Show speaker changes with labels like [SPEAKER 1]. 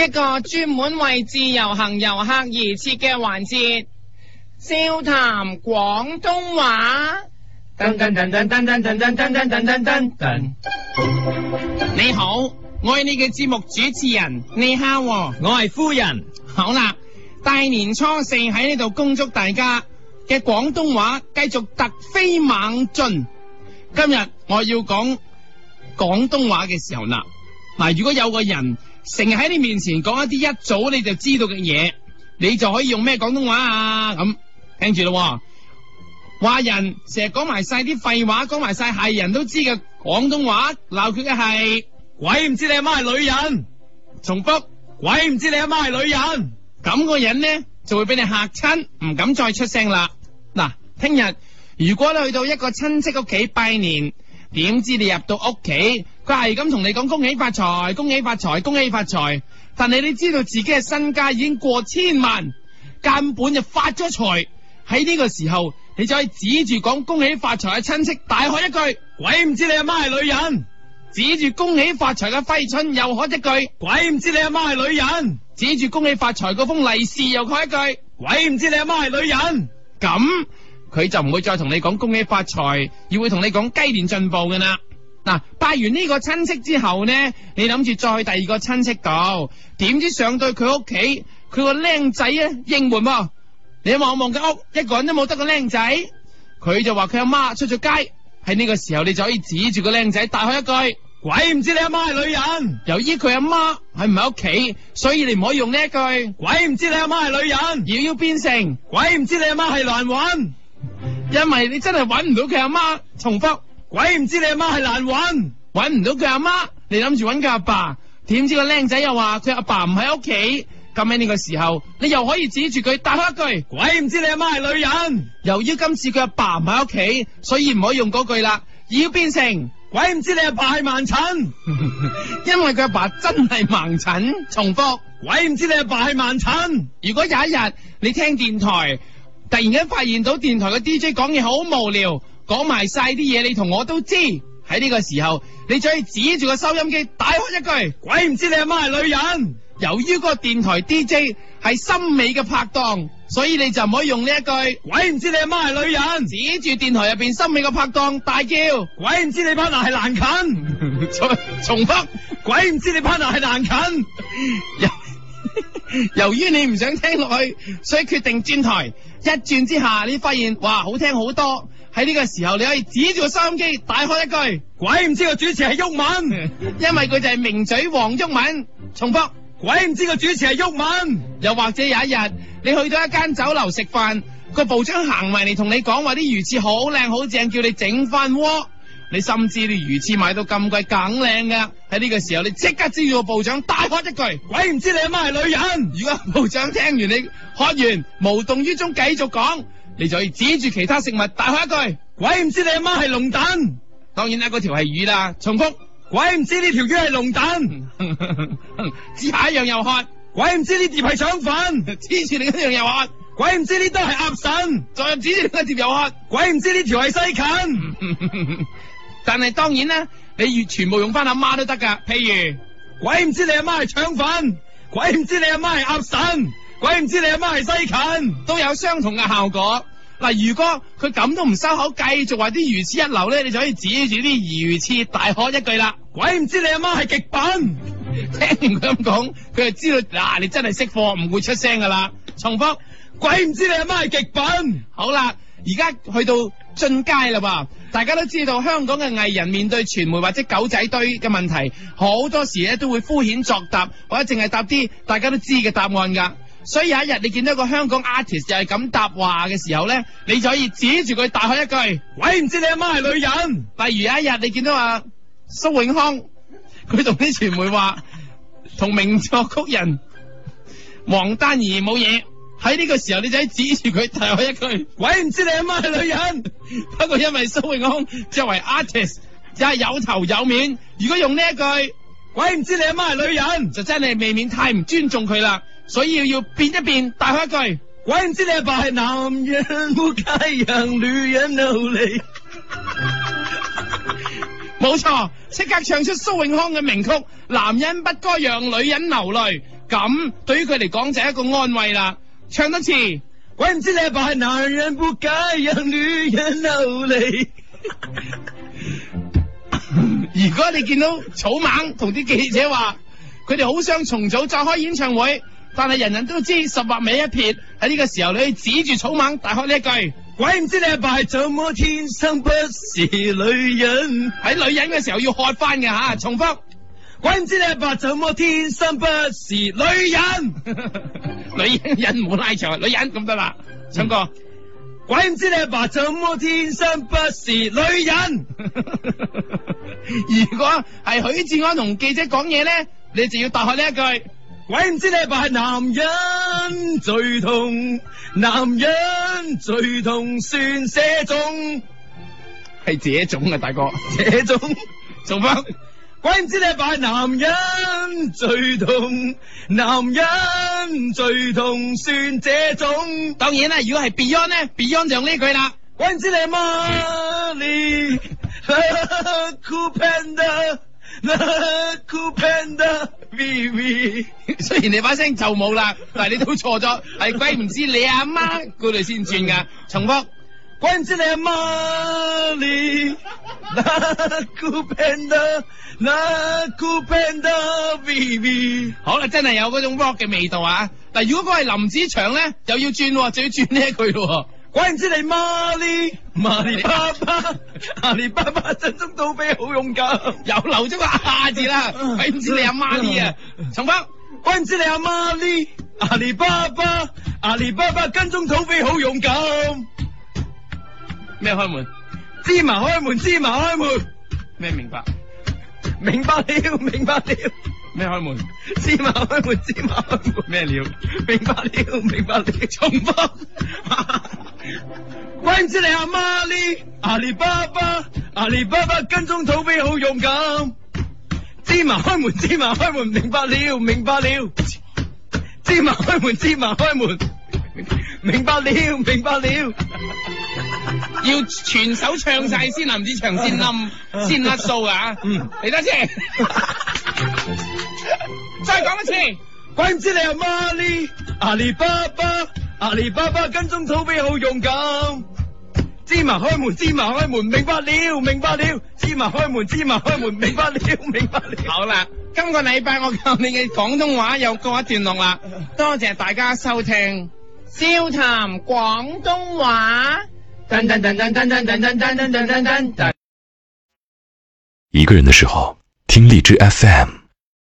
[SPEAKER 1] 一個專門為自由行遊客而設嘅環節，笑談廣東話。你好，我係你嘅節目主持人，你蝦我係夫人。好啦，大年初四喺呢度恭祝大家嘅廣東話繼續突飛猛進。今日我要講廣東話嘅時候啦，嗱，如果有個人。成日喺你面前講一啲一早你就知道嘅嘢，你就可以用咩廣東話啊？咁聽住咯，話人成日講埋晒啲廢話，講埋晒係人都知嘅廣東話，鬧佢嘅係鬼唔知你阿媽係女人。重複鬼唔知你阿媽係女人，咁個人呢就會俾你嚇親，唔敢再出聲啦。嗱，聽日如果你去到一個親戚屋企拜年，點知你入到屋企？係咁同你講恭喜發財，恭喜發財，恭喜發財。但係你知道自己嘅身家已經過千萬，根本就發咗財。喺呢個時候，你再指住講恭喜發財嘅親戚大喝一句：鬼唔知你阿媽係女人！指住恭喜發財嘅揮春又喝一句：鬼唔知你阿媽係女人！指住恭喜發財嗰封利是又喝一句：鬼唔知你阿媽係女人！咁佢就唔會再同你講恭喜發財，而會同你講雞年進步嘅啦。嗱，拜、啊、完呢個親戚之後呢，你諗住再去第二個親戚度，點知上到佢屋企，佢個靚仔啊應門喎，你望望佢屋，一個人都冇，得個靚仔，佢就話佢阿媽出咗街，喺呢個時候你就可以指住個靚仔，答佢一句，鬼唔知你阿媽係女人。由於佢阿媽係唔喺屋企，所以你唔可以用呢一句，鬼唔知你阿媽係女人，而要變成鬼唔知你阿媽係難揾，因為你真係揾唔到佢阿媽，媽，重複。鬼唔知你阿媽係難揾，揾唔到佢阿媽，你諗住揾佢阿爸，點知個靚仔又話佢阿爸唔喺屋企。咁喺呢個時候，你又可以指住佢答一句：鬼唔知你阿媽係女人。由於今次佢阿爸唔喺屋企，所以唔可以用嗰句啦，要變成鬼唔知你阿爸係盲診， 因為佢阿爸，爸真係盲診。重複：鬼唔知你阿爸係盲診。如果有一日你聽電台，突然間發現到電台嘅 DJ 講嘢好無聊。講埋晒啲嘢，你同我都知。喺呢個時候，你再指住個收音機大喝一句：鬼唔知你阿媽係女人。由於個電台 DJ 係森美嘅拍檔，所以你就唔可以用呢一句：鬼唔知你阿媽係女人。指住電台入邊森美嘅拍檔大叫：鬼唔知你 partner 係難近。重重複，鬼唔知你 partner 係難近。 由於你唔想聽落去，所以決定轉台。一轉之下，你發現哇，好聽好多。喺呢個時候你可以指住個收音機大喝一句：鬼唔知個主持係毓民， 因為佢就係名嘴黃毓民。重重複：鬼唔知個主持係毓民。又或者有一日你去到一間酒樓食飯，個部長行埋嚟同你講話啲魚翅好靚好正，叫你整返鍋。你心知啲魚翅買到咁貴梗靚噶喺呢、啊、個時候你即刻指住個部長大喝一句：鬼唔知你阿媽係女人。如果部長聽完你喝完，無動於衷繼續講。你就要指住其他食物大喝一句：鬼唔知你阿媽係龍躉，當然啦，嗰條係魚啦。重複，鬼唔知呢條魚係龍躉。 指下一樣又喝，鬼唔知呢碟係腸粉。黐住另一樣又喝，鬼唔知呢都係鴨腎。再指呢個碟又喝，鬼唔知呢條係西芹。 但係當然啦，你越全部用翻阿媽，媽都得噶。譬如，鬼唔知你阿媽係腸粉，鬼唔知你阿媽係鴨腎，鬼唔知你阿媽係西芹，都有相同嘅效果。嗱，如果佢咁都唔收口，繼續話啲魚翅一流咧，你就可以指住啲魚翅大喝一句啦！鬼唔知你阿媽係極品。聽完佢咁講，佢就知道嗱、啊，你真係識貨，唔會出聲噶啦。重複，鬼唔知你阿媽係極品。好啦，而家去到進階啦，大家都知道香港嘅藝人面對傳媒或者狗仔隊嘅問題，好多時咧都會敷衍作答，或者淨係答啲大家都知嘅答案噶。所以有一日你見到一個香港 artist 就係咁答話嘅時候咧，你就可以指住佢大喊一句：鬼唔知你阿媽係女人！例如有一日你見到阿、啊、蘇永康，佢同啲傳媒話同 名作曲人王丹怡冇嘢，喺呢個時候你就可以指住佢大喊一句：鬼唔知你阿媽係女人？ 不過因為蘇永康作為 artist，就係有頭有面，如果用呢一句：鬼唔知你阿媽係女人，就真係未免太唔尊重佢啦。所以要變一變，大開一句，鬼唔知你阿爸係男人不該讓女人流淚。冇 錯，即刻唱出蘇永康嘅名曲《男人不該讓女人流淚，》 咁對於佢嚟講就係一個安慰啦。唱多次，鬼唔知你阿爸係男人不該讓女人流淚。 如果你見到草蜢同啲記者話，佢哋好想重組再開演唱會。但係人人都知十劃尾一撇，喺呢個時候你指住草蜢大喝呢一句，鬼唔知你阿爸係怎麼天生不是女人，喺 女人嘅時候要喝翻嘅吓，重複，鬼唔知你阿爸怎麼天生不是女人， 女人冇拉長，女人咁得啦，唱歌，鬼唔、嗯、知你阿爸怎麼天生不是女人， 如果係許志安同記者講嘢咧，你就要大喝呢一句。鬼唔知你係咪男人最痛，男人最
[SPEAKER 2] 痛算這種，係這種啊，大哥，這種做乜，鬼唔知你係咪男人最痛，男人最痛算這種。當然啦，如果係 Beyond 呢，Beyond 就用呢句啦，鬼唔知你係咪尼古
[SPEAKER 1] 潘達。n 雖然你把聲就冇啦，但係你都錯咗，係鬼唔知你阿媽過嚟先轉噶。重複，鬼唔知你阿媽你 Nakupenda, nakupenda 好啦，真係有嗰種 rock 嘅味道啊！但係如果佢係林子祥咧，又要轉，就要轉呢一句咯。鬼唔知你媽咪、啊，阿里巴巴，阿里巴巴跟蹤土匪好
[SPEAKER 2] 勇敢，又留咗個阿字啦。鬼唔知你阿媽咪呀？陳方，鬼唔知你阿媽咪，阿里巴巴，阿里巴巴跟蹤土匪好勇敢。
[SPEAKER 1] 咩開門？芝麻
[SPEAKER 2] 開門，芝麻開門。
[SPEAKER 1] 咩明白？
[SPEAKER 2] 明白了，明白了。咩開門？芝麻開門，芝麻開門。咩了？明白了，明白了。重放。啊鬼唔知你阿媽呢？阿里巴巴，阿里巴巴跟蹤土匪好勇敢。芝麻開門，芝麻開門，明白了，明白了。
[SPEAKER 1] 芝麻開門，芝麻開門，明白了，明白了。要全首唱晒先林子祥先冧，先甩數啊！啊啊啊啊啊嗯，嚟得先！再講一次。鬼
[SPEAKER 2] 唔、啊、知你阿媽呢？阿里巴巴。阿里巴巴跟蹤土匪好用㗎，芝麻開門，芝麻開門，明白了，明白了，芝麻開門，芝
[SPEAKER 1] 麻開門，明白了，明白了。 好啦，今個禮拜我教你嘅廣東話又過一段落啦，多謝大家收聽《笑談廣東話》。
[SPEAKER 2] 一個人的時候，聽荔枝 FM。